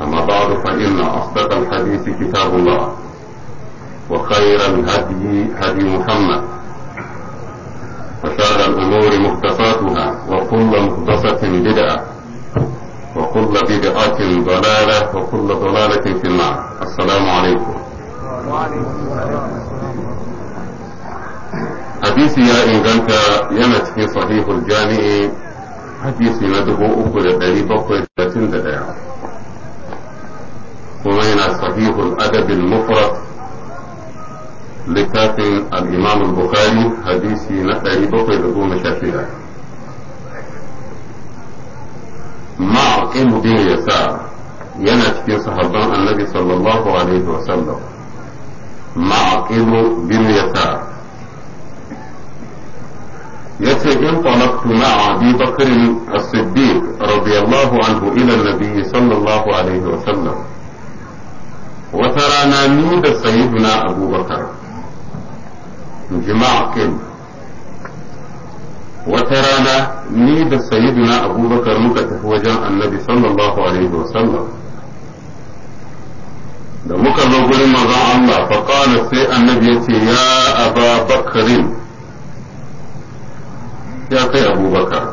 أما بعد فإن أصدق الحديث كتاب الله وخير الهدي هدي محمد وشر الأمور مختصاتها وكل مختصة بدعة وكل بدعة ضلالة وكل ضلالة في النار السلام عليكم حديثي يا إنجنت يمت في صحيح الجامع حديث ندبو أكل دريبا قيدة دعوة حسنين صحيح الادب المفرد لكاتب الامام البخاري حديث نقل بطل لدون شافعه مع ام دين يسار ينت في النبي صلى الله عليه وسلم مع ام دين يسار يتي ان مع ابي بكر الصديق رضي الله عنه الى النبي صلى الله عليه وسلم wata rana ni da sayyiduna abubakar jima'a kai wata rana ni da sayyiduna abubakar muka tafi wajen annabi sallallahu alaihi wasallam da muka zo gurin mazan Allah faƙala sai annabi ya ce ya aba bakarin ya kai abubakar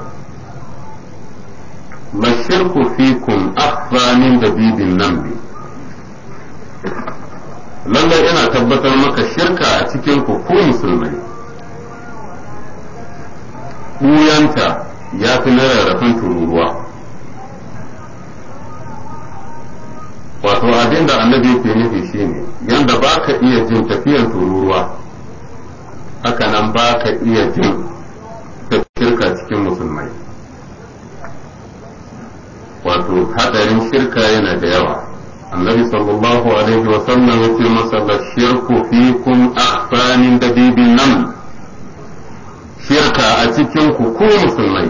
Ma mashirku fikum akhfa min dabibin nambi lallai ina tabbatar maka shirka a cikin ku ko musulmai ɓuyanta ya fi na rarrafin tururuwa wato abin da annabi ke nufi ne yadda ba ka iya jin tafiyar tururuwa haka nan ba ka iya jin shirka cikin musulmai wato hadarin shirka yana da yawa annabi sallallahu alaihi wa sallam yace masa da shirku fikum akhfanin dabibin nan shirka a cikin ku ko musulmai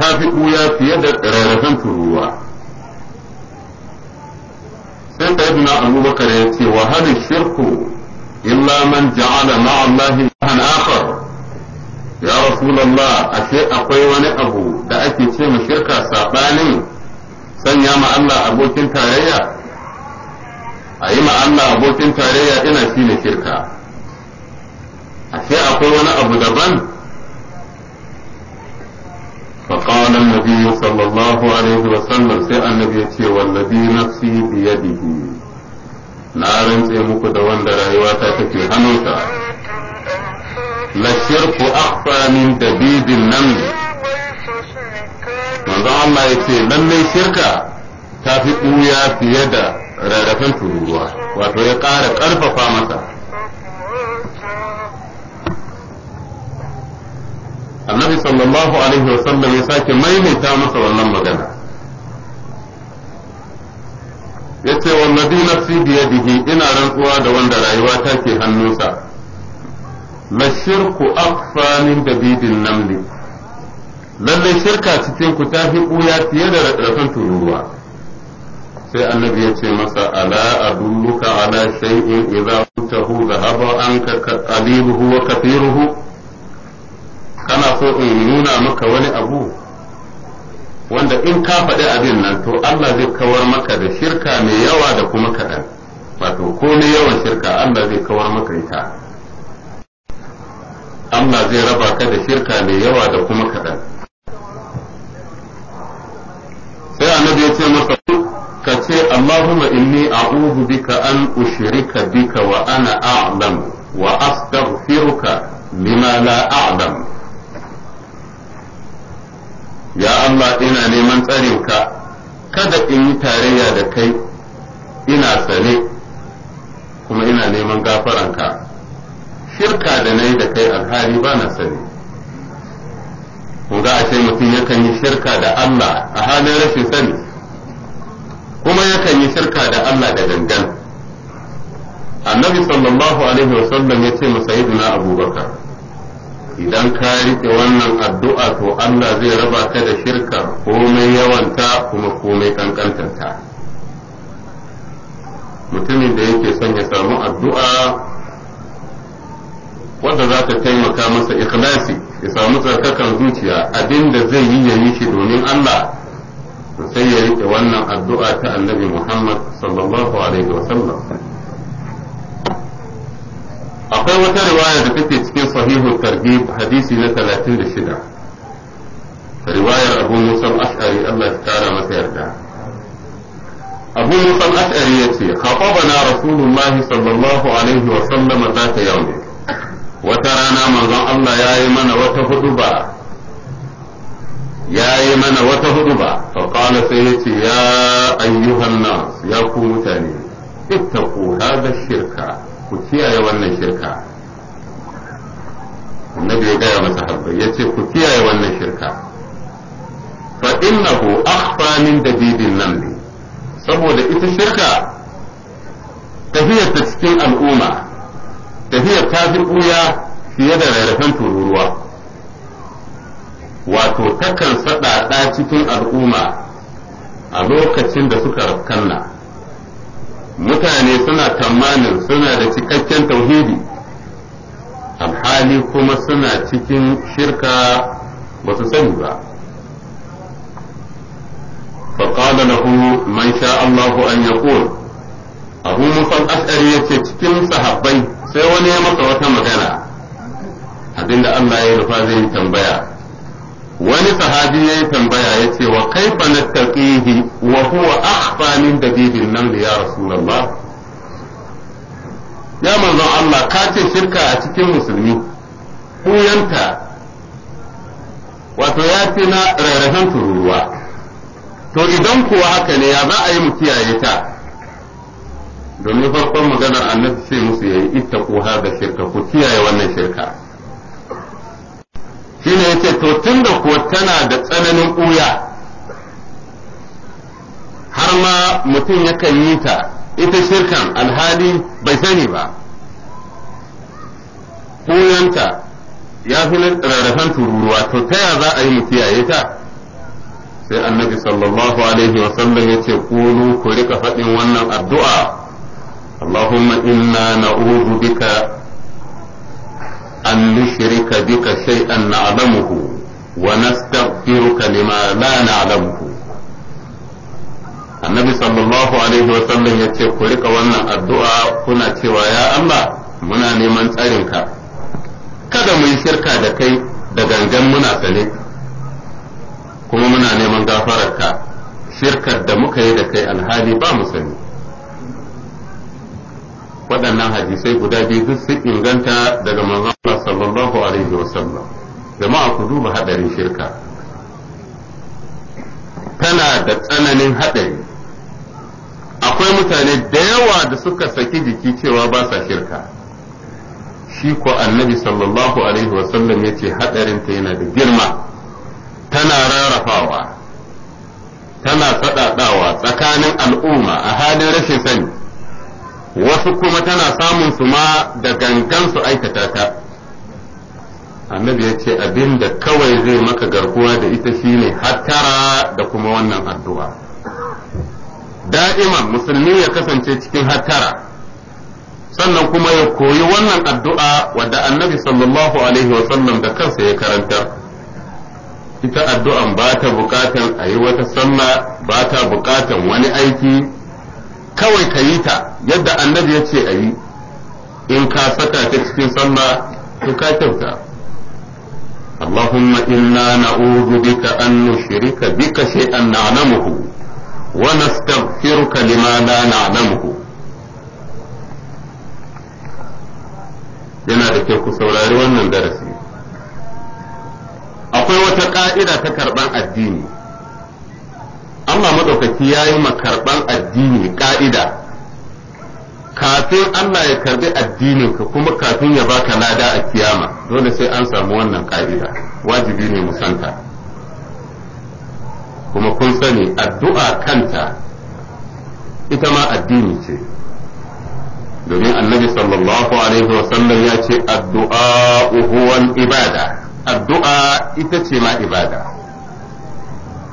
ta fi buya fiye da rarrafen turuwa sai da ibn abubakar ya ce wa hal shirku illa man ja'ala ma'a allahi ilahan akhar ya rasulullah ashe akwai wani abu da ake ce ma shirka saɓanin. sanya ma Allah abokin tarayya a yi ma Allah abokin tarayya ina shi kirka. Ashe akwai wani abu daban faƙaunan nabi sallallahu Alaihi wasallam sai an ya ce wa nabi nafsi biya biyu na rantse muku da wanda rayuwata ta kake hannuta lashirku akwamin dabibin nan manzo Allah ya ce lallai shirka ta fi ɓuya fiye da rarrafin tururuwa wato ya ƙara ƙarfafa masa annabi sallallahu alaihi wasallam ya sake maimaita masa wannan magana ya ce wallabi nafsi biyadihi ina rantsuwa da wanda rayuwa take hannunsa mashirku shirku akfa min dabidin namli lallai shirka cikin ku ta fi ɓuya fiye da rafin tururuwa sai annabi ya ce masa ala adulluka ala shay'in idza kuntahu zahaba anka qaliluhu wa kathiruhu kana so in nuna maka wani abu wanda in ka faɗi abin nan to Allah zai kawar maka da shirka mai yawa da kuma kaɗan wato ko komai yawan shirka Allah zai kawar maka ita Allah zai raba ka da shirka mai yawa da kuma kaɗan sai annabi ya ce masa ka ce Allahumma inni a'udhu bika an ushrika bika wa ana a'lam wa astaghfiruka lima la a'lam ya Allah ina neman tsarinka kada in yi tarayya da kai ina sane kuma ina neman gafaranka shirka da na yi da kai alhali ba na sane ko da a ce mutum yakan yi shirka da Allah a halin rashin sani kuma yakan yi shirka da Allah da dangan annabi sallallahu alaihi wasallam ya ce na abubakar idan ka riƙe wannan addu'a to Allah zai raba ka da shirka komai yawanta kuma komai kankantanta mutumin da yake son ya samu addu'a wadda za ta taimaka masa ikhlasi ya samu tsarkakan zuciya abin da zai yi ya yi shi domin Allah sai ya rike wannan addu'a ta annabi Muhammad sallallahu alaihi wa sallam akwai wata riwaya da take cikin sahihu targhib hadisi na 36 riwayar Abu Musa al-Ash'ari Allah ya kara masa yarda Abu Musa al-Ash'ari yace khatabana Rasulullah sallallahu alaihi wa sallam zata yawmi wata rana manzon Allah ya yi mana wata hudu ba ya yi mana wata hudu ba faƙala sai ya ce ya ayyuhan nas ya ku mutane ittaku hada shirka ku kiyaye wannan shirka annabi ya gaya masa habbai ya ce ku kiyaye wannan shirka fa innahu akhfa min dabibin nan saboda ita shirka tafiyar ta cikin al'umma tafiyar ta fi ɓuya fiye da rarrafen tururuwa wato takan saɗaɗa cikin al'umma a lokacin da suka rafkanna mutane suna tamanin suna da cikakken tauhidi alhali kuma suna cikin shirka ba su sani ba فقال له من شاء الله أن يقول أبو ya الأشعري cikin صحابي sai wani ya maka wata magana abinda Allah ya rufa zai tambaya wani sahabi ya yi tambaya ya ce wa kai na nattaqihi wa huwa akhfa min dabibin nan da ya rasulullah ya manzon Allah ka ce shirka a cikin musulmi kuyanta wato ya ce na rarrafen tururuwa to idan kuwa haka ne ya za a yi mu kiyaye ta domin farkon maganar nan sai musu yayi ittaqu da shirka ku kiyaye wannan shirka shine yace to tun da ko tana da tsananin ƙuya har ma mutum yakan yi ta ita shirkan alhali bai sani ba Kuyanta ya fi rarrafan tururuwa to ta ya za a yi mu kiyaye ta sai annabi sallallahu alaihi wasallam ya ce ku rika faɗin wannan addu'a اللهم إنا نعوذ بك أن نشرك بك شيئا نعلمه ونستغفرك لما لا نعلمه annabi sallallahu alaihi sallam ya ce ku rika wannan addu'a kuna cewa ya Allah muna neman tsarinka kada mu yi shirka da kai da gangan muna sane kuma muna neman gafararka shirkar da muka yi da kai alhali ba mu sani waɗannan hadisai guda biyu duk su inganta daga manzon Allah sallallahu alaihi wasallam jama'a ku duba hadarin shirka tana da tsananin haɗari. akwai mutane da yawa da suka saki jiki cewa ba sa shirka shi ko annabi sallallahu alaihi wasallam ya ce ta yana da girma tana rarrafawa tana faɗaɗawa tsakanin al'umma a halin rashin sani wasu kuma tana samun su ma da gangan su aikata ta annabi ya ce abin da kawai zai maka garkuwa da ita shine hattara da kuma wannan addu'a da'iman musulmi ya kasance cikin hattara sannan kuma ya koyi wannan addu'a wadda annabi sallallahu alaihi wasallam da kansa ya karanta. ita addu'an ba ta bukatan a yi wata sallah ba ta bukatan wani aiki kawai ka yi ta yadda annabi ya ce a yi in ka saka ta cikin sallah to ka kyauta Allahumma inna na'udhu bika an nushrika bika shay'an na'lamuhu wa nastaghfiruka lima la na'lamuhu yana da kyau ku saurari wannan darasi akwai wata ƙa'ida ta karɓan addini Allah madaukaki yayi yi addini ƙa'ida kafin Allah ya karbi ka kuma kafin ya baka lada a kiyama dole sai an samu wannan ka'ida wajibi ne musanta kuma kun sani addu'a kanta ita ma addini ce domin annabi sallallahu alaihi wa sallam ya ce addu'a huwan ibada addu'a ita ce ma ibada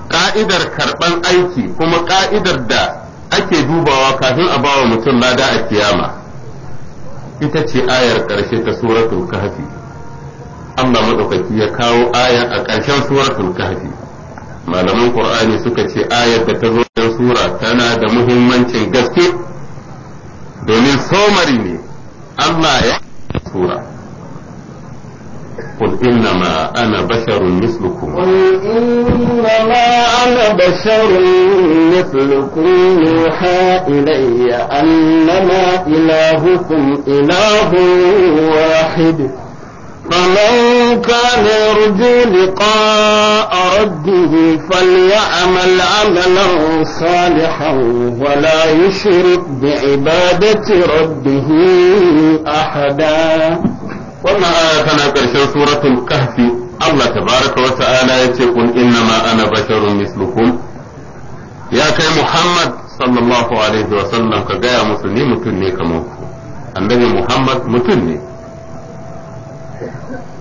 ka'idar karban aiki kuma ka'idar da ake dubawa kafin a bawa mutum lada a kiyama ita ce ayar ƙarshe ta suratul kahfi Allah madaukaki ya kawo aya a ƙarshen suratul kahfi malaman qur'ani suka ce ayar da ta zo cikin sura tana da muhimmancin gaske domin somari ne Allah ya sura قل إنما أنا بشر مثلكم قل إنما أنا بشر مثلكم يوحى إلي أنما إلهكم إله واحد فمن كان يرجو لقاء ربه فليعمل عملا صالحا ولا يشرك بعبادة ربه أحدا wannan aya tana ƙarshen suratul kahfi Allah tabaraka wa ta'ala ya ce kun inna ma ana basharun mislukum ya kai Muhammad sallallahu alaihi wa sallam ka gaya musu ni mutum ne kamar ku annabi Muhammad mutum ne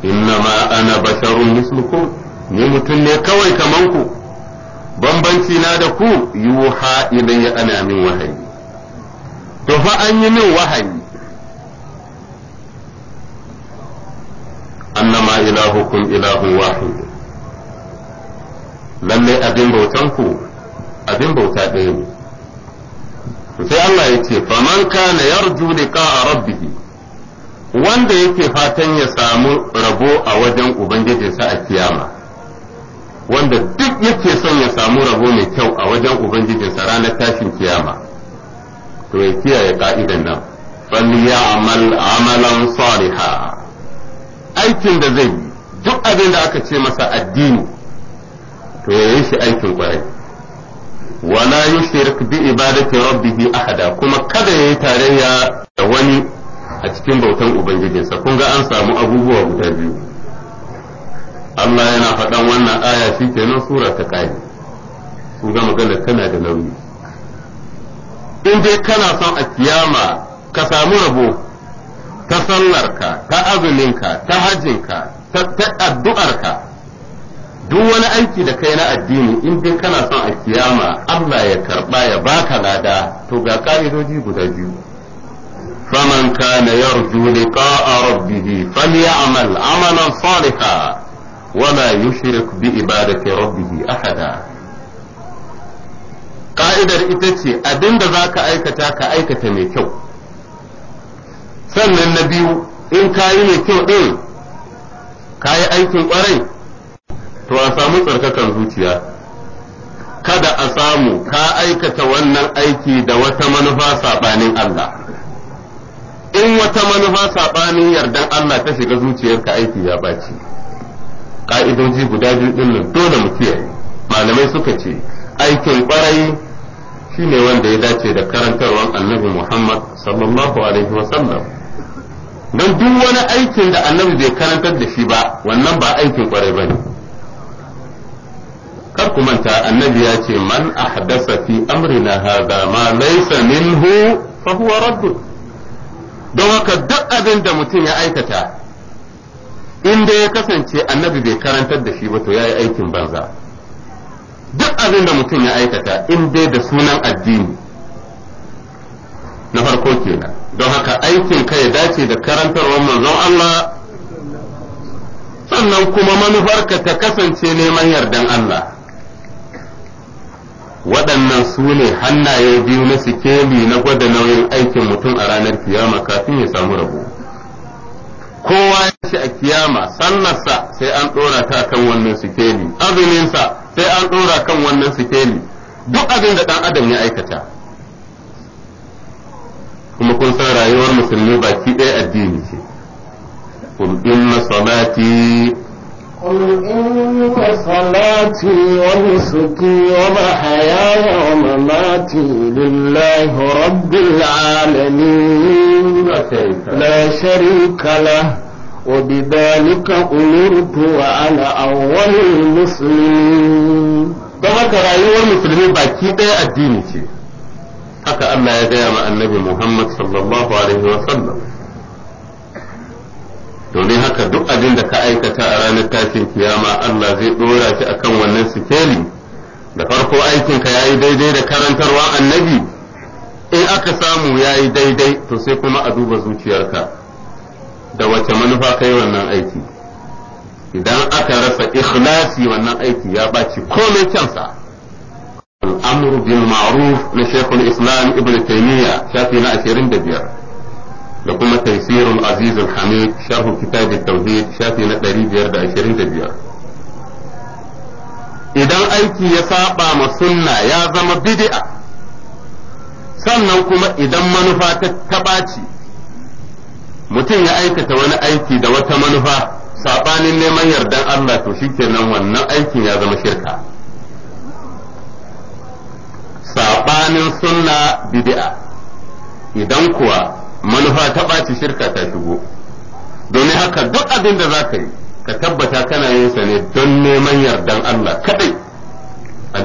inna ma ana basharun mislukum ni mutum ne kawai kamar ku bambanci na da ku yuha ilayya ana min wahayi to fa an yi min wahayi annama ilahukum ilahun wahid lalle abin bautan ku abin bauta ɗaya ne sai Allah ya ce faman kana yarju liqa rabbih wanda yake fatan ya samu rabo a wajen ubangijinsa a kiyama wanda duk yake son ya samu rabo mai kyau a wajen ubangijinsa ranar tashin kiyama to ya kiyaye ka'idan nan fal amal amalan salihah aikin da zai yi duk abin da aka ce masa addini to ya yi shi aikin kwarai wala shirk bi ibadati rabbihi ahada kuma kada ya yi tarayya da wani a cikin bautan ubangijinsa kun ga an samu abubuwa guda biyu Allah yana faɗan wannan aya shi kenan sura ta kai su ga magana tana da nauyi in dai kana son a kiyama ka samu rabo ta sallarka ta azuminka ta hajjinka ta addu'arka duk wani aiki da kai na addini in dai kana son a kiyama Allah ya karba ya baka lada to ga ka'idoji guda biyu faman kana yarju liqa'a rabbih falyamal amalan salihan wala yushrik bi ibadati rabbih ahada ka'idar ita ce abinda zaka aikata ka aikata mai kyau sannan na biyu in ka yi mai kyau ɗin ka yi aikin ƙwarai to a samu tsarkakan zuciya kada a samu ka aikata wannan aiki da wata manufa saɓanin Allah in wata manufa saɓanin yardan Allah ta shiga zuciyarka aiki ya ɓaci ƙa'idoji guda biyu ɗin nan dole mu kiyaye malamai suka ce aikin ƙwarai shine wanda ya dace da karantarwar annabi Muhammad sallallahu alaihi wasallam don duk wani aikin da annabi bai karantar da shi ba wannan ba aikin kwarai ba ne kar ku manta annabi ya ce man ahdasa fi amrina hadha ma laysa minhu fa huwa radd don haka duk abin da mutum ya aikata in ya kasance annabi bai karantar da shi ba to yayi aikin banza duk abin da mutum ya aikata in dai da sunan addini na farko kenan don haka aikin ka ya dace da karantarwar manzon Allah sannan kuma manufarka ta kasance neman yardan Allah waɗannan sune hannaye biyu na sikeli na gwada nauyin aikin mutum a ranar kiyama kafin ya samu rabo kowa ya ce a kiyama sa sai an ɗora ta kan wannan sikeli azuminsa sai an ɗora kan wannan sikeli duk abin da ɗan adam ya aikata kuma kun san rayuwar musulmi baki ɗaya addini ce inna salati inna salati wa nusuki wa mahayaya wa mamati lillahi rabbil alamin la sharika la wa bi dhalika umirtu wa rayuwar musulmi baki ɗaya addini ce haka Allah ya gaya ma annabi Muhammad sallallahu alaihi wa sallam domin haka duk abin da ka aikata a ranar tashin kiyama Allah zai dora shi akan wannan sikeli da farko aikin ka yayi daidai da karantarwa annabi in aka samu yayi daidai to sai kuma a duba zuciyarka da wace manufa kai wannan aiki idan aka rasa ikhlasi wannan aiki ya ɓaci komai kyansa الأمر بالمعروف لشيخ الإسلام ابن تيمية شافي نأشرين دبير لكم تيسير العزيز الحميد شرح كتاب التوحيد شافي نأشرين دبير idan aiki إذا saba ma sunna يا زم بدئة sannan kuma idan manufa ta taɓaci mutum ya aikata wani aiki da wata manufa saɓanin neman yardan Allah to shikenan wannan aikin ya zama shirka tsakanin sunna bid'a idan kuwa manufa ta ɓaci shirka ta shigo domin haka duk abin da za ka yi ka tabbata kana yin sa ne don neman yardan Allah kadai al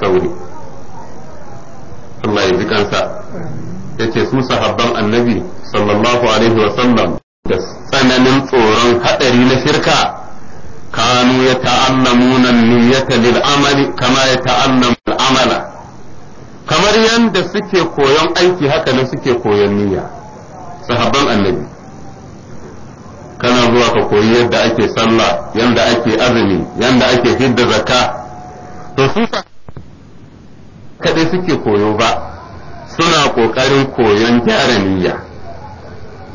sauri Allah ya ji kansa yace su sahabban annabi sallallahu alaihi wa sallam da tsananin tsoron hadari na shirka kanu ya ta'allamuna niyyata lil amali kama ya ta'allamu al amala kamar yadda suke koyon aiki haka nan suke koyon niyya sahabban annabi kana zuwa ka koyi yadda ake sallah yadda ake azumi yadda ake hidda zakka to su kadai suke koyo ba suna kokarin koyon gyara niyya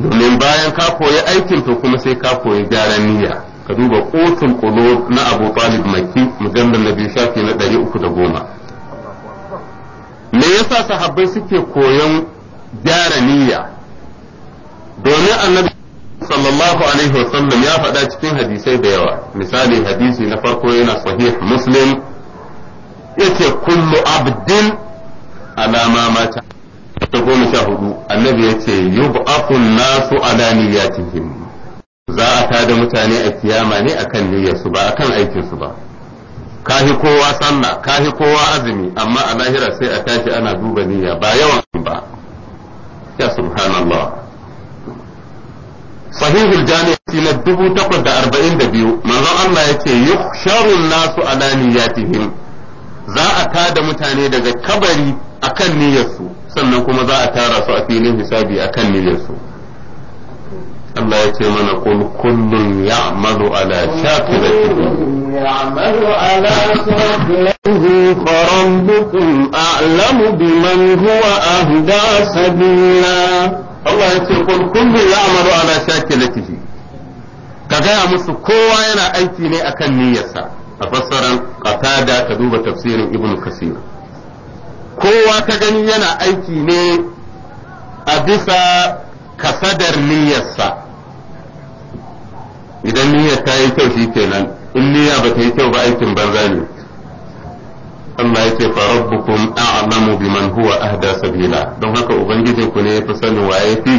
domin bayan ka koyi aikin to kuma sai ka koyi gyara niyya ka duba kotun kulo na abu talib makki mujallar na biyu shafi na 310 me yasa sahabbai suke koyon gyara niyya domin annabi sallallahu alaihi wasallam ya faɗa cikin hadisai da yawa misali hadisi na farko yana sahih muslim yace kullu abdin alama mata ta goma sha hudu annabi yace yub'athun nasu ala niyyatihim za a tada mutane a kiyama ne akan niyyarsu ba akan aikinsu ba kahi kowa sallah kahi kowa azumi amma a lahira sai a tashi ana duba niyya ba yawan ba ya subhanallah sahihul jami'a na 842 manzo Allah yake yuhsharun nasu ala niyyatihim za a tada mutane daga kabari akan niyyarsu sannan kuma za a tara su a filin hisabi akan niyyarsu Allah ya ce mana kun kullun ya'malu ala shakiratihi يعمل على شاكلته فربكم أعلم بمن هو أهدى سبيلا الله يقول كل يعمل على شاكلته كذا musu kowa yana aiki ne akan niyyarsa a fassarar qatada ka duba tafsirin ibn kasir kowa ka gani yana aiki ne a bisa kasadar niyyarsa idan niyyar ta yi kyau shi ke nan in niyya ba ta yi kyau ba aikin banza ne Allah ya ce farabbukum a'lamu biman huwa ahda sabila don haka ubangijin ku ne ya fi sani waye fi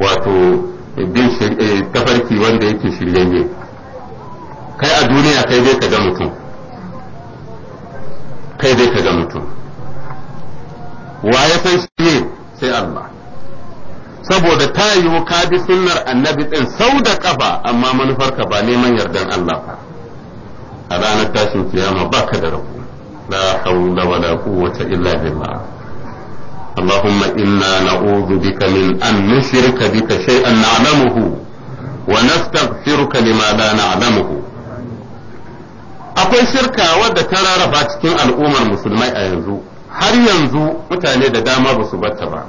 wato bin eh, tafarki wanda yake shiryayye kai a duniya kai dai ka ga mutum kai dai ka ga mutum waye sai shi sai Allah saboda ta yiwu ka bi sunnar annabi ɗin sau da ƙafa amma manufarka ba neman yardan Allah ba a ranar tashin kiyama ba ka da rabu la hawla wa la quwwata illa billah اللهم إنا نعوذ بك من أن نشرك بك شيئا نعلمه ونستغفرك لما لا نعلمه akwai shirka wadda ta rarraba cikin al'ummar musulmai a yanzu har yanzu mutane da dama ba su bata ba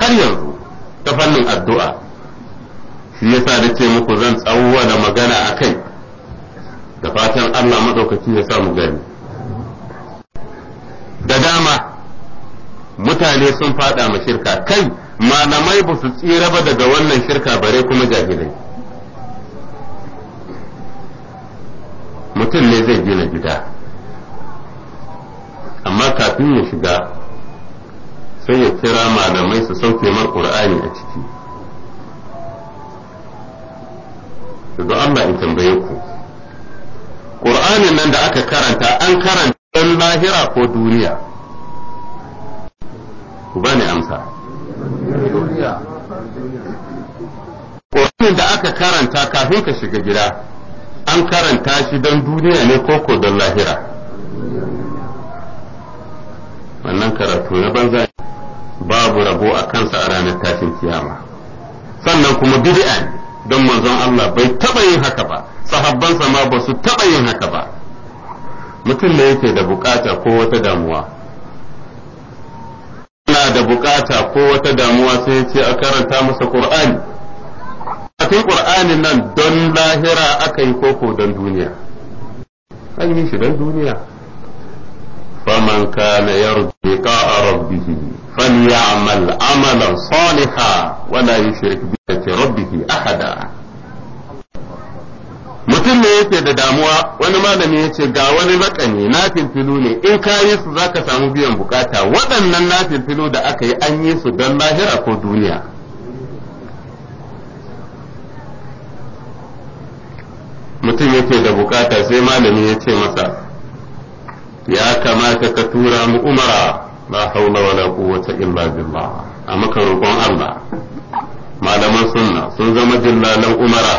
har yanzu ta fannin addu'a shi yasa da ce muku zan da magana a kai da fatan Allah maɗaukaki ya sa mu gani da dama mutane sun fada ma shirka kai malamai ba su tsira ba daga wannan shirka bare kuma jahilai mutum ne zai gina gida amma kafin ya shiga sai ya kira malamai su sauke mar qur'ani a ciki to don Allah in tambaye ku qur'anin nan da aka karanta an karanta don lahira ko duniya ku bani amsa Ƙoƙarin da aka karanta kafin ka shiga gida, an karanta shi don duniya ne ko don lahira. Wannan karatu na banza babu rabo a kansa a ranar tashin kiyama sannan kuma bid'a don manzon Allah bai taba yin haka ba sahabbansa ma basu su taba yin haka ba mutum ne yake da bukata ko wata damuwa yana da bukata ko wata damuwa sai ya ce a karanta masa qur'ani kafin qur'anin nan don lahira aka yi koko don duniya an yi shi don duniya فمن كان يرجو لقاء ربه فليعمل عملا صالحا ولا يشرك بذكر ربه أحدا mutum ne yake da damuwa wani malami ya ce ga wani lakani na filfilu ne in ka yi su za ka samu biyan bukata waɗannan na filfilu da aka yi an yi su don lahira ko duniya mutum yake da bukata sai malami ya ce masa ya kamata ka tura mu umara ba haula wala quwwata illa billah a maka roƙon Allah malaman sunna sun zama dillalan umara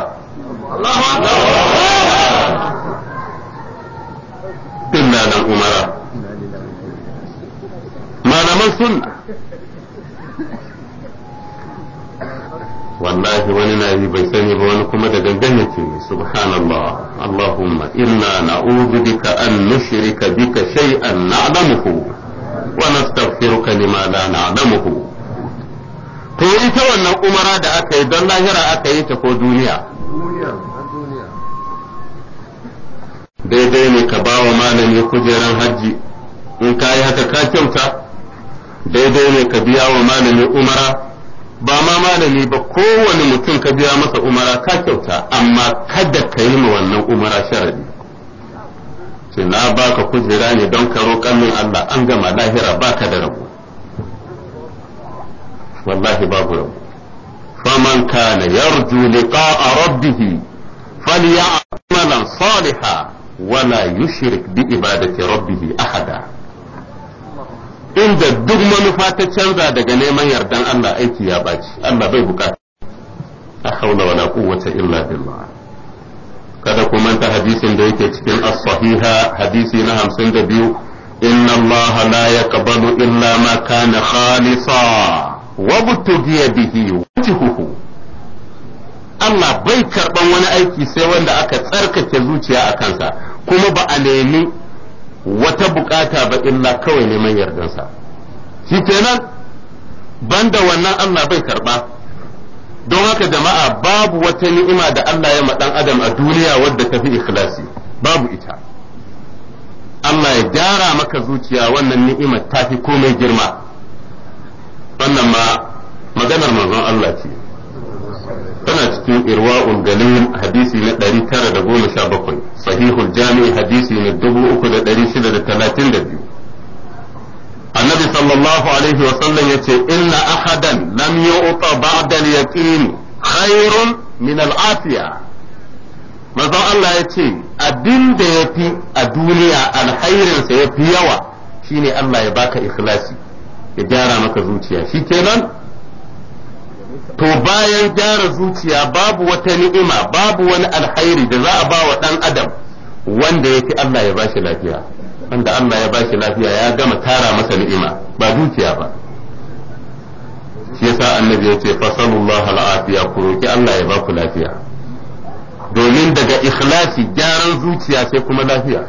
dillalan umara malaman sunna wallahi wani na yi bai sani ba wani kuma da gangan subhanallah allahumma inna na'udhu bika an nushrika bika shay'an na'lamuhu wa nastaghfiruka lima la na'lamuhu to ita wannan umara da aka yi don lahira aka yi ta ko duniya daidai ne ka ba wa malami kujeran hajji in ka yi haka ka kyauta daidai ne ka biya wa malami umara ba ma malami ba kowane mutum ka biya masa umara ka kyauta amma kada ka yi ma wannan umara sharadi sai na baka kujera ne don ka roƙan min Allah an gama lahira baka da rabu wallahi babu rabu faman kana yarju liqa'a rabbih falyamal salihan wala yushrik bi ibadati rabbih ahada inda duk manufa ta canza daga neman yardan Allah aiki ya baci Allah bai bukata a haula wala quwwata illa billah kada ku manta hadisin da yake cikin as-sahiha hadisi na 52 inna Allah la yaqbalu illa ma kana khalisa wa butudiya bihi wajhuhu Allah bai karban wani aiki sai wanda aka tsarkake zuciya a kansa kuma ba a nemi wata bukata ba illa kawai neman yardansa shi kenan banda wannan Allah bai karba don haka jama'a babu wata ni'ima da Allah ya maɗan adam a duniya wadda fi ikhlasi babu ita Allah ya gyara maka zuciya wannan ni'imar fi komai girma wannan ma maganar manzon Allah ce tana cikin irwa'un galil hadisi na 917 sahihul jami hadisi na 3632 annabi sallallahu alaihi wa sallam yace inna ahadan lam yu'ta ba'da al-yaqin khairun min al-afiya manzo Allah yace abin da fi a duniya alhairinsa ya yafi yawa shine Allah ya baka ikhlasi ya gyara maka zuciya shikenan to bayan gyara zuciya babu wata ni'ima babu wani alkhairi da za a ba wa ɗan adam wanda ya fi Allah ya bashi lafiya wanda Allah ya bashi lafiya ya gama tara masa ni'ima ba zuciya ba shi yasa annabi ya ce fasalullah al'afiya ku roki Allah ya baku lafiya domin daga ikhlasi gyaran zuciya sai kuma lafiya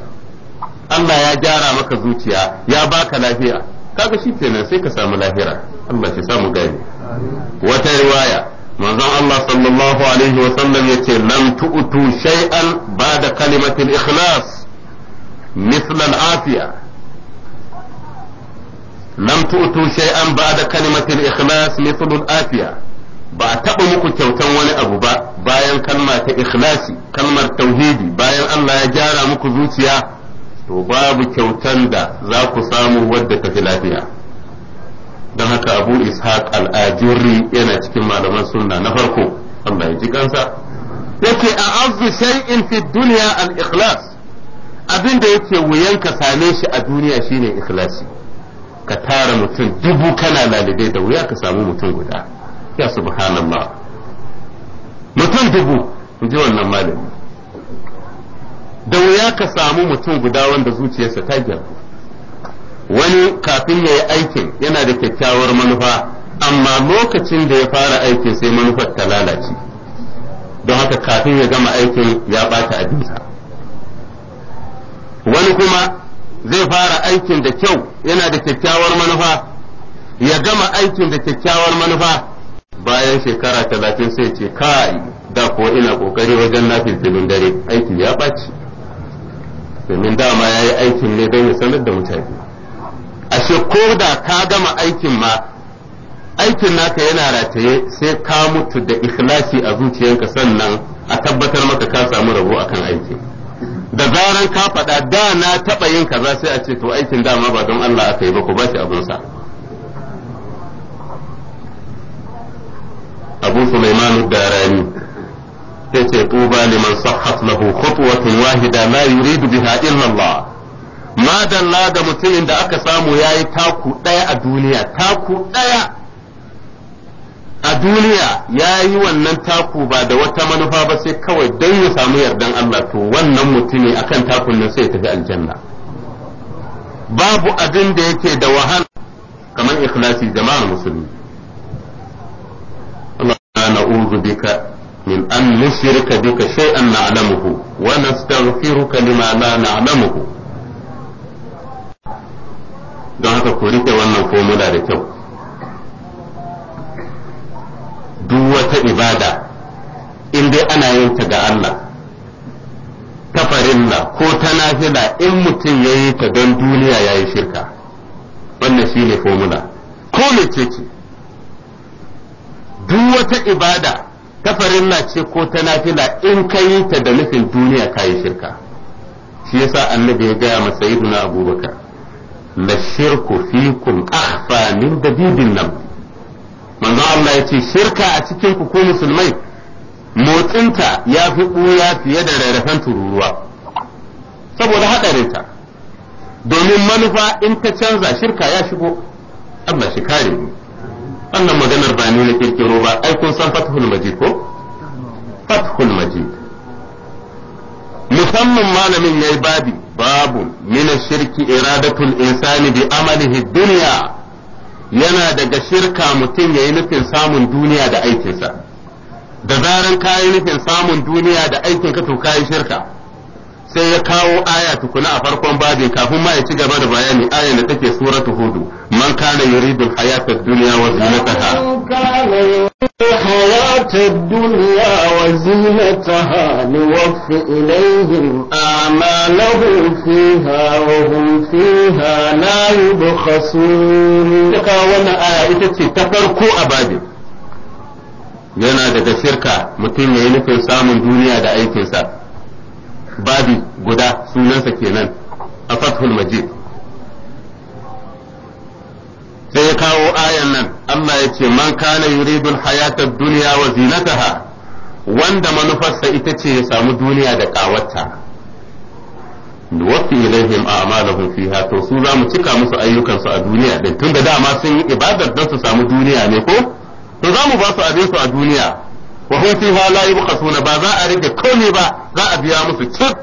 Allah ya gyara maka zuciya ya baka lafiya kaga shi kenan sai ka samu lafiya Allah ya samu gani wata riwaya manzon Allah sallallahu alaihi wa sallam yace lam tu'tu shay'an ba'da kalimatil ikhlas afiya العافية لم تؤتوا ba a taɓa muku kyautan wani abu ba bayan kalma ta ikhlasi kalmar tauhidi bayan Allah ya gyara muku zuciya to babu kyautan da za ku samu wadda tafi lafiya don haka abu ishaq al'ajiri yana cikin malaman sunna na farko Allah ya ji kansa yake a azu shay'in fi duniya al-ikhlas abin da yake wuyan ka same shi a duniya shine ikhlasi ka tara mutum dubu kana lalibai da wuya ka samu mutum guda ya subhanallah mutum dubu ji wannan malami da wuya ka samu mutum guda wanda zuciyarsa ta gyaru wani kafin ya yi aikin yana da kyakkyawar manufa amma lokacin da ya fara aikin sai manufar ta lalace don haka kafin ya gama aikin ya bata abinsa wani kuma zai fara aikin da kyau yana da kyakkyawar manufa ya gama aikin da kyakkyawar manufa bayan shekara talatin sai ce kai da ko ina kokari wajen lafin filin dare aikin ya ɓaci domin dama ya yi aikin ne don ya sanar da mutane ashe ko da ka gama aikin ma aikin naka yana rataye sai ka mutu da ikhlasi a zuciyanka sannan a tabbatar maka ka samu rabo akan aiki da zaran ka faɗa da na taɓa yin kaza sai a ce to aikin dama ba don Allah aka yi ba ku ba shi abun sa. abu sulaiman darani sai ce tuba liman sahhat lahu khutwatun wahida la yuridu biha illa Allah madalla da mutumin da aka samu ya yi taku ɗaya a duniya taku ɗaya a duniya ya yi wannan taku ba da wata manufa ba sai kawai don ya samu yardan Allah to wannan mutumi akan takun nan sai ya tafi aljanna babu abin da yake da wahala kamar ikhlasi jama'ar musulmi Allah na'udhu bika min an nushrika bika shay'an na'lamuhu wa nastaghfiruka lima la na'lamuhu don haka ku rike wannan formula da kyau duk wata ibada in dai ana yin ta ga Allah ta farilla ko ta nafila in mutum ya yi ta don duniya ya yi shirka wannan shi ne formula ko mece ce duk wata ibada ta farilla ce ko ta nafila in ka yi ta da nufin duniya ka yi shirka shi yasa annabi ya gaya masa na abubakar la shirku fikum akhfa min dabibin nam manzo Allah yace shirka a cikin ku ko musulmai motsinta ya fi ɓuya fiye da rarrafen tururuwa saboda haɗarinta domin manufa in ta canza shirka ya shigo Allah shi wannan maganar ba ni na kirkiro ba ai kun san fathul majid ko fathul majid musamman malamin yayi babi babu min shirki iradatul insani bi amalihi dunya yana daga shirka mutum yayi nufin samun duniya da aikinsa da zaran kayi nufin samun duniya da aikinka to kayi shirka sai ya kawo aya tukuna a farkon babi kafin ma ya ci gaba da bayani ayan da take suratu hudu man kana yuridu hayata dunya wa zinataha حياة الدنيا وزينتها نوف إليهم أعمالهم فيها wannan aya ita ce. تكاونا آية a أبادي yana daga shirka mutum yayi nufin samun duniya da aikinsa babi guda sunansa kenan a fathul majid sai ya kawo ayan nan Allah ya ce man kana yuridul hayatar duniya wa zinataha wanda manufarsa ita ce ya samu duniya da kawarta nuwafi ilaihim a'malahum fiha to su za mu cika musu ayyukansu a duniya din tunda dama sun yi ibadar don su samu duniya ne ko to za mu ba su abin su a duniya wa hum fiha la yubqasuna ba za a rike komai ba za a biya musu cin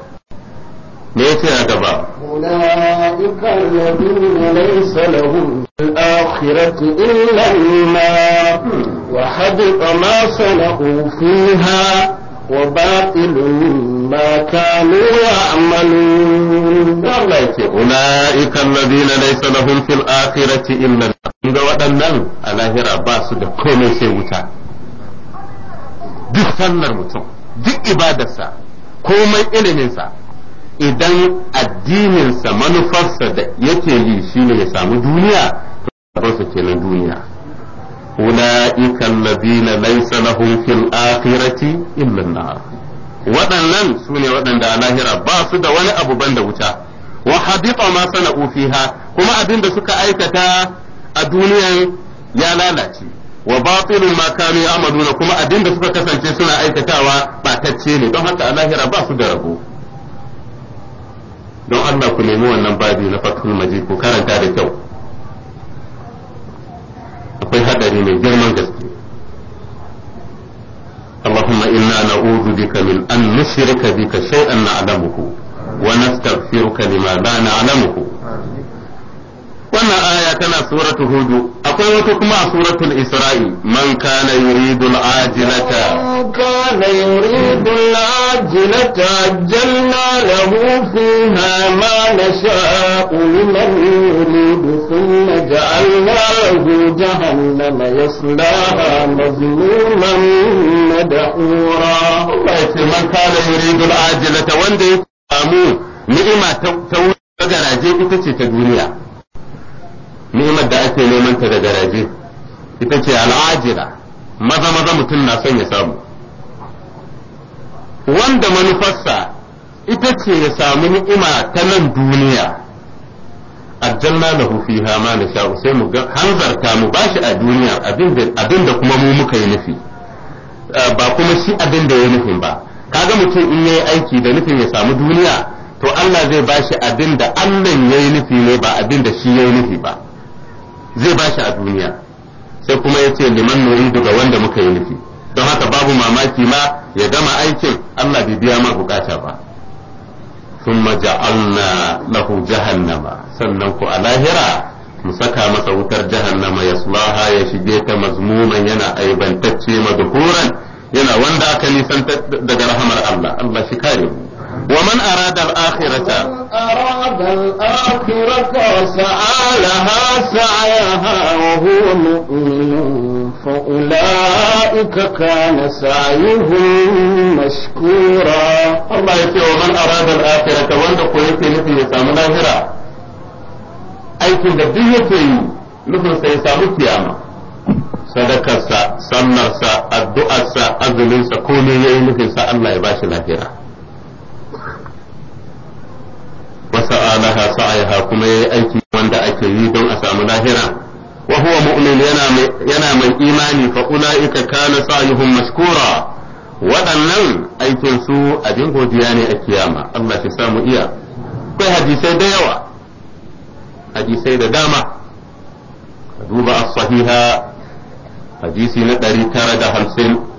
me yace ya gaba ulaika alladhina laysa lahum fil akhirati illa an-nar hmm. wa hadqa ma sanu fiha wa batilun ma kanu ya'malun Allah yake ulaika alladhina laysa lahum fil akhirati illa an-nar ga wadannan a lahira ba su da komai sai wuta duk sallar mutum duk ibadarsa komai iliminsa idan addininsa manufarsa da yake yi shine ya samu duniya to kenan duniya أولئك الذين ليس لهم في الآخرة إلا النار waɗannan su ne waɗanda a lahira ba su da wani abu ban da wuta wa hadita ma sana'u fiha kuma abin da suka aikata a duniyan ya lalace wa batil ma kanu ya'maluna kuma abin da suka kasance suna aikatawa batacce ne don haka a lahira ba su da rabo don Allah ku nemi wannan babi na fatul majid ku karanta da kyau akwai hadari mai girman gaske اللهم إنا نعوذ بك من أن نشرك بك شيئا نعلمه ونستغفرك لما لا نعلمه wannan aya tana suratul hudu akwai wata kuma a suratul isra'i man kana yuridu al-ajilata man kana yuridu al-ajilata jalla lahu fiha ma nasha'u liman yuridu thumma ja'alna lahu jahannama yaslaha mazluman madhura man kana yuridu al-ajilata wanda ya samu ni'ima ta garaje ita ce ta duniya ni'imar da ake neman ta da garaje ita ce al'ajira maza maza mutum na son ya samu wanda manufarsa ita ce ya samu ni'ima ta nan duniya aljanna hufi fiha ma sha'u sai mu hanzarta mu bashi a duniya abin da kuma mu muka yi nufi eh, ba kuma shi abin da ya nufin ba kaga mutum in yayi aiki da nufin ya samu duniya to Allah zai bashi abin da Allah yi nufi ne ba abin da shi yi nufi ba zai ba shi a duniya sai kuma ya ce liman nuri daga wanda muka yi nufi don haka babu mamaki ma ya gama aikin Allah bai biya ma bukata ba thumma ja'alna lahu jahannama sannan ku a lahira mu saka masa wutar jahannama ya sulaha ya shige ta mazmuman yana aibantacce madhuran yana wanda aka nisan daga rahamar Allah Allah shi kare mu ومن أراد الآخرة ومن أراد الآخرة سعى لها سعيها وهو مؤمن فأولئك كان سعيهم مشكورا الله يقول ومن أراد الآخرة وانت قلت لفي يسام الآخرة أي في في لفن سيسام القيامة sadakarsa sannarsa addu'arsa azuminsa komai yayi nufin sa Allah ya bashi lahira wasa alaha sa'ayaha kuma yayi aiki wanda ake yi don a samu lahira wa huwa mu'min yana yana mai imani fa ulaika kana sa'yuhum maskura waɗannan aikin su abin godiya ne a kiyama Allah shi samu iya kai hadisai da yawa hadisai da dama duba as-sahiha hadisi na 950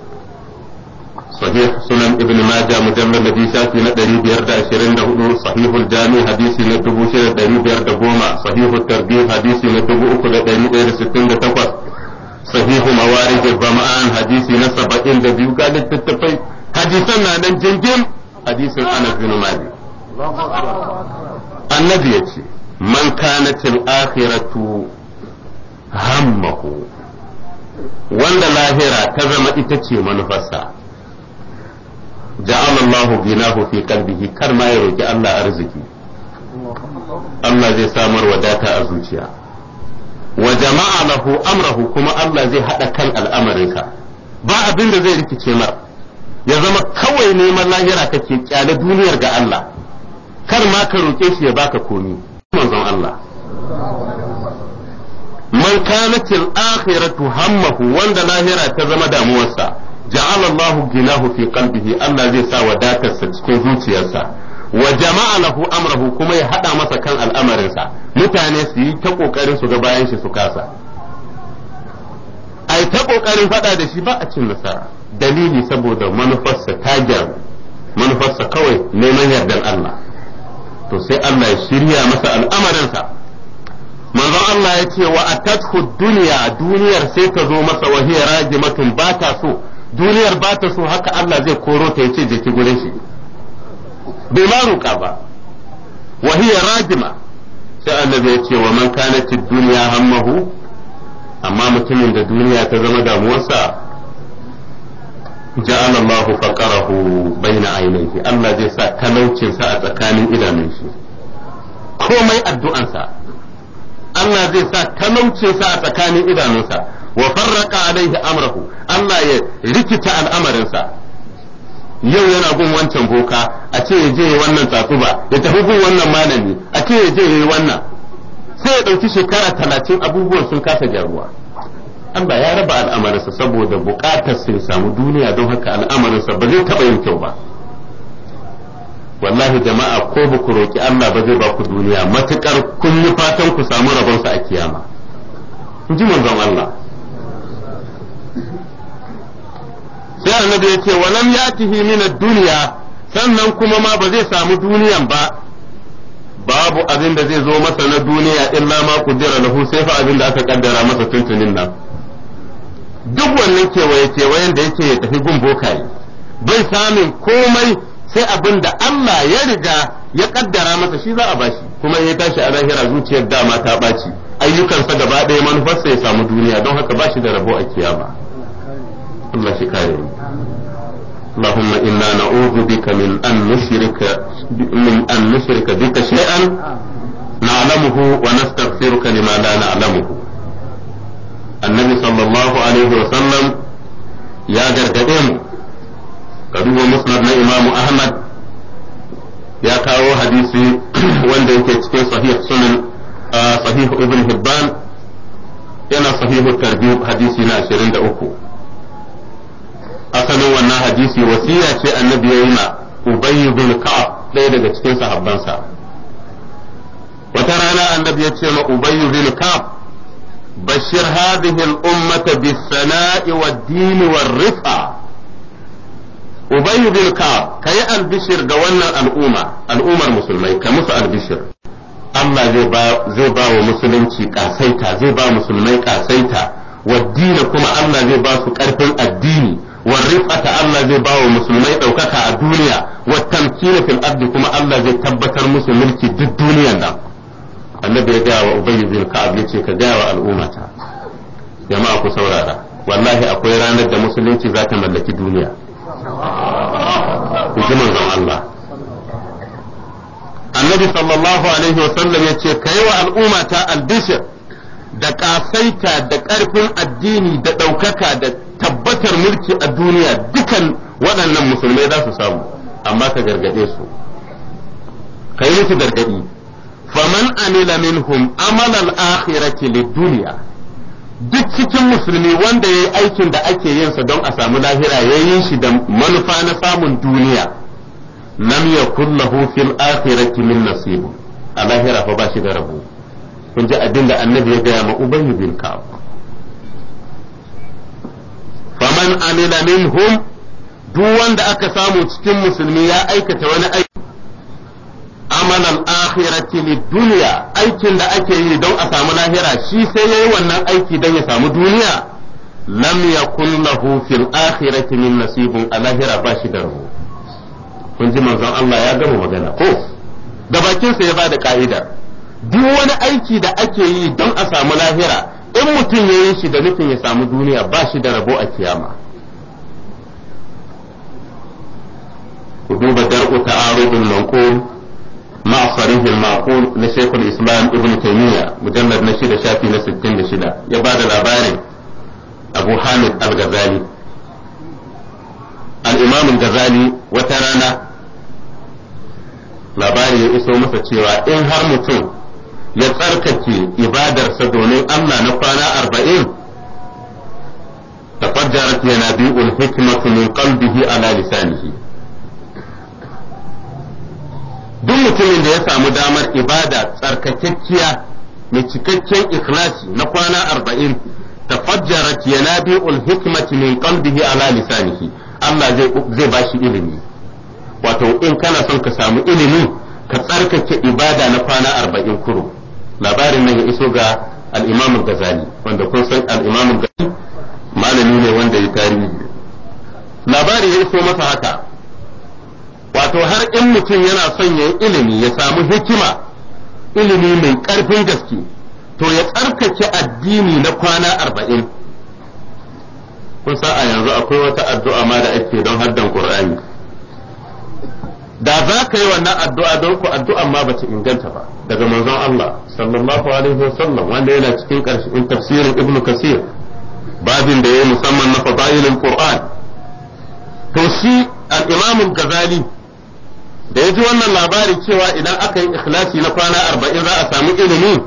صحيح سنن ابن ماجه مجلد الذي شافي ندري بيرد عشرين دهدو صحيح الجامع حديثي ندبو شير دري بيرد بوما صحيح التربية حديثي ندبو أكل دري إير ستين دتقوى صحيح موارد الظمآن حديثي نسبة إن دبيو قال تتفي حديثا نانا جنجم حديث أنس بن مالك النبي يتشي من كانت الآخرة همه wanda lahira ta zama ita ce manufarsa ja'ala Allahu ginahu fi qalbihi kar ma ya roki Allah arziki Allah zai samar wadata a zuciya wa jama'a lahu amrahu kuma Allah zai hada kan al'amarinka ba abin da zai rikice mar ya zama kawai neman lahira kake kyale duniyar ga Allah kar ma ka roke shi ya baka komi manzon Allah man kanat al-akhiratu hammahu wanda lahira ta zama damuwarsa ja'ala Allahu gilahu fi qalbihi Allah zai sa wadatarsa cikin zuciyarsa wa jama'a lahu amrahu kuma ya hada masa kan al'amarinsa mutane su yi ta kokarin su ga bayan shi su kasa ai ta kokarin fada da shi ba a cin nasara dalili saboda manufarsa ta gyaru manufarsa kawai neman yardan Allah to sai Allah ya shirya masa al'amarinsa manzon Allah ya ce wa atathu dunya duniyar sai ta zo masa wahiya rajimatun ba ta so duniyar ba ta so haka Allah zai koro ta yace je ki gurin shi bai ma roƙa ba wa hiya rajima sai annabi ya ce wa man kanat ad-dunya hammahu amma mutumin da duniya ta zama damuwarsa ja'ala Allah faqarahu baina ainihi Allah zai sa talaucin sa a tsakanin idanun shi komai addu'ansa Allah zai sa talaucin sa a tsakanin idanunsa wa farraqa alaihi amrahu Allah ya rikita al'amarinsa yau yana gun wancan boka a ce ya je wannan ba. ya tafi gun wannan malami a ce ya je yayi wannan sai ya ɗauki shekara talatin abubuwan sun kasa gyaruwa Allah ya raba al'amarinsa saboda buƙatar sai samu duniya don haka al'amarinsa ba zai taɓa yin kyau ba wallahi jama'a ko ba ku roƙi Allah ba zai ba ku duniya Matukar kun yi fatan ku samu rabonsa a kiyama in ji manzon Allah sai annabi ya ce walam yatihi min ad-dunya sannan kuma ma ba zai samu duniyan ba babu abin da zai zo masa na duniya illa ma kudira lahu sai fa abin da aka kaddara masa tuntunin nan duk wannan kewaye kewayen da yake ya tafi gun bokaye bai samun komai sai abin da Allah ya riga ya kaddara masa shi za a bashi kuma ya tashi a lahira zuciyar dama ta ɓaci ayyukansa gaba ɗaya manufarsa ya samu duniya don haka bashi da rabo a kiyama Allah shi kare mu اللهم إنا نعوذ بك من أن نشرك من أن نشرك بك شيئا نعلمه ونستغفرك لما لا نعلمه النبي صلى الله عليه وسلم يا جرجدين قدوم مسند إمام أحمد يا كاو حديثي وان في صحيح سنن صحيح ابن هبان yana sahihu tarbiyyar hadisi na 23 asalin wannan hadisi wasiya ce annabi ya yi ma ubayy bin ka'ab ɗaya daga cikin sahabbansa wata rana annabi ya ce ma ubayy bin ka'ab bashir hadhihi al-ummata sanai wa dini war-rifa ubayy bin ka'ab kayi albishir ga wannan al'umma al'ummar musulmai ka musu albishir Allah zai ba wa musulunci kasaita zai ba musulmai kasaita waddina kuma Allah zai ba su karfin addini والرفعة الله زي باو مسلمي دوكاكا الدنيا والتمكين في الأرض كما الله زي تبتر مسلمين في الدنيا دا النبي جاء وأبي بن كعب يتي كجاء الأمة جماعة كسورارا والله أقوي رانا دا مسلمين ذات ملك الدنيا جمع الله النبي صلى الله عليه وسلم يتي كيوى الأمة البشر da ƙasaita da ƙarfin addini da ɗaukaka da tabbatar mulki a duniya dukan waɗannan musulmai za su samu amma ka gargaɗe su ka yi su gargaɗi faman amila minhum al akhirati lid-dunya duk cikin musulmi wanda yayi aikin da ake yin sa don a samu lahira yayin shi da manufa na samun duniya lam yakul lahu fil akhirati min nasib a lahira fa ba shi da rabo kun ji abin da annabi ya gaya ma ubayy bin faman amila minhum duk wanda aka samu cikin musulmi ya aikata wani aiki amalan akhirati duniya aikin da ake yi don a samu lahira shi sai yayi wannan aiki don ya samu duniya lam yakun lahu fil akhirati min nasibun a lahira ba shi da rabo kun ji manzon Allah ya gama magana ko da bakin sa ya bada ka'ida duk wani aiki da ake yi don a samu lahira in mutum ya yi shi da nufin ya samu duniya ba shi da rabo a kiyama ku duba dar'u ta arobin lankon ma'asarihin makon na shekaru isma'il ibn taimiyya mujallar na shida shafi na shida ya ba da labarin abu hamid al-gazali al gazali wata rana labari ya iso masa cewa in har mutum ya tsarkake ibadarsa domin Allah na kwana arba'in tafajjarat biul hikmatu min qalbihi ala lisanihi duk mutumin da ya samu damar ibada tsarkakekkiya mai cikakken ikhlasi na kwana arba'in tafajjarat biul hikmati min qalbihi ala lisanihi Allah zai bashi ilimi wato in kana son ka samu ilimi ka tsarkake ibada na kwana arba'in kuro labarin nan ya iso ga al-Imam Ghazali wanda kun san al-Imam malami ne wanda ya tarihi Labarin ya iso masa haka wato har in mutum yana son ya yi ilimi ya samu hikima ilimi mai ƙarfin gaske to ya tsarkake addini na kwana arba'in kun sa a yanzu akwai wata addu'a ma da ake don haddan Qur'ani da za ka yi wannan addu'a don ku addu'an ma bata inganta ba daga manzon Allah sallallahu alaihi wasallam wanda yana cikin ƙarshen tafsirin ibnu kasir babin da yayi musamman na fadailul qur'an to shi al gazali da ya ji wannan labari cewa idan aka yi ikhlasi na kwana arba'in za a samu ilimi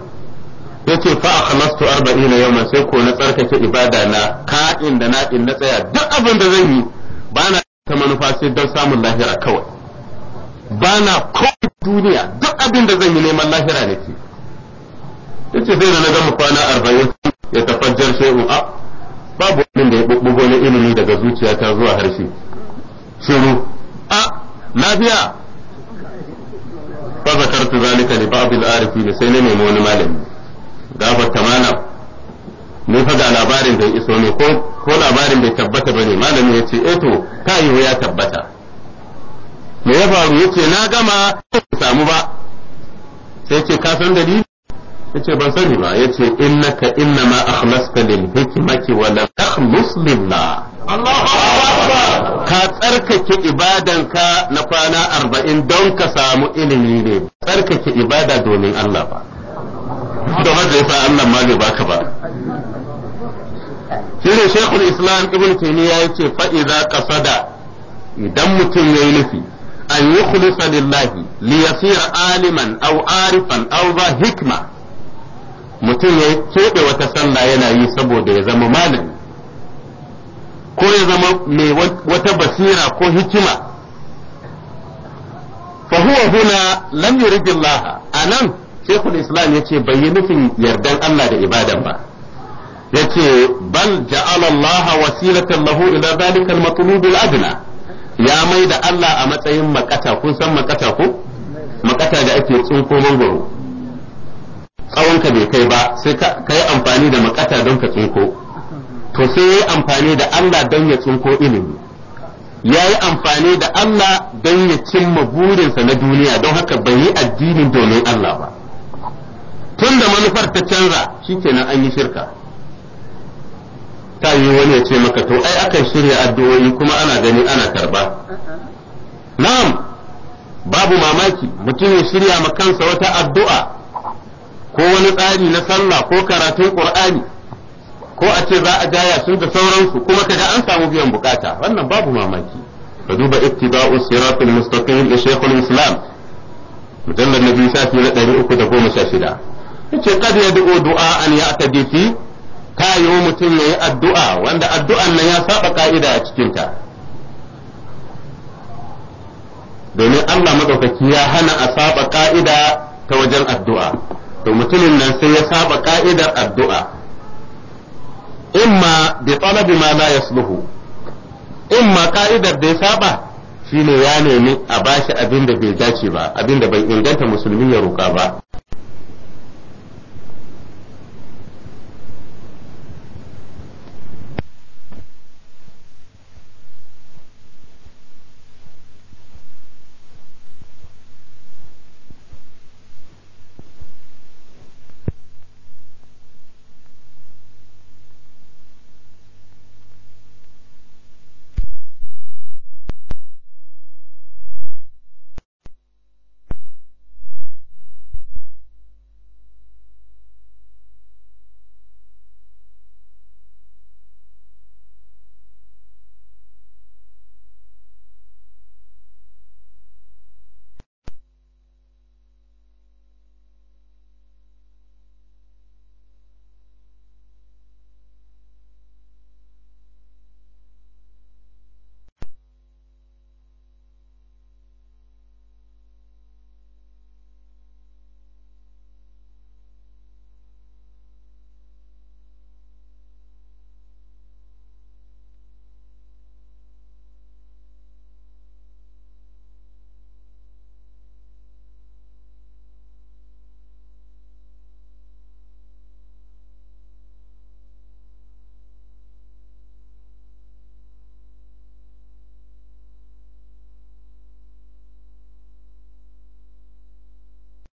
yace fa arba'in 40 yawman sai ko na tsarkake ibada na ka'in da na'in na tsaya duk abin da zan yi ba na ta manufa sai don samun lahira kawai ba na kawai duniya duk abin da zan yi neman lahira ke. yace sai da na gama kwana arba'in ya tafajjar shay'un a ah, babu wani da ya bubbugo na ilimi daga zuciya ta zuwa harshe shiru a ah, lafiya fa tu zalika li ba'd arifi ne sai ne nemi wani malami gafarta malam ne fa da labarin da ya iso ne ko labarin bai tabbata ba bane malami yace eh to ta yi ya tabbata me ya faru yace na gama samu ba sai ce ka san dalili yace ban sani ba yace innaka innama akhlasta lil hikmati wa lam takhlus lillah ka tsarkake ibadanka na kwana arba'in don ka samu ilimi ne tsarkake ibada domin Allah ba don haka yasa Allah ma bai baka ba shine shekul islam ibn taymiya yace fa idza qasada idan mutum yayi nufi an yi yukhlisa lillahi li yasira aliman aw arifan aw za hikma mutum ya keɓe wata sallah yana yi saboda ya zama malami ko ya zama mai wata basira ko hikima fa huwa huna lam yurid Allah anan shekul islam yace bai yi nufin yardan Allah da ibadan ba yace bal ja'ala Allah wasilatan lahu ila dhalika al-matlub al-adna ya mai da Allah a matsayin makata kun san makata ko makata da ake tsinko mangoro tsawon bai kai ba sai ka yi amfani da makata don ka tsinko to sai ya yi amfani da Allah don ya tsinko ilimi ya yi amfani da Allah don ya cimma burinsa na duniya don haka bai yi addinin domin Allah ba tun da manufar ta canza shi kenan an yi shirka ta yi wani ya ce maka to ai akan shirya addu'o'i kuma ana gani ana karba na'am babu mamaki mutum ya shirya ma kansa wata addu'a ko wani tsari na sallah ko karatun qur'ani ko a ce za a jaya sun da sauransu kuma kaga an samu biyan bukata wannan babu mamaki ka duba ittiba'u siratul mustaqim da shaykhul islam mujallal da biyu safi na 316 yace qad yad'u du'a an ya'tadi fi ta yiwu mutum ya yi addu'a wanda addu'an nan ya saba ka'ida a cikinta domin Allah maɗaukaki ya hana a saba ka'ida ta wajen addu'a to mutumin nan sai ya saba ka'idar addu'a imma bi talabi ma la yasluhu imma ka'idar da ya saba shine ya nemi a bashi abin da bai dace ba abin da bai inganta musulmi ya roƙa ba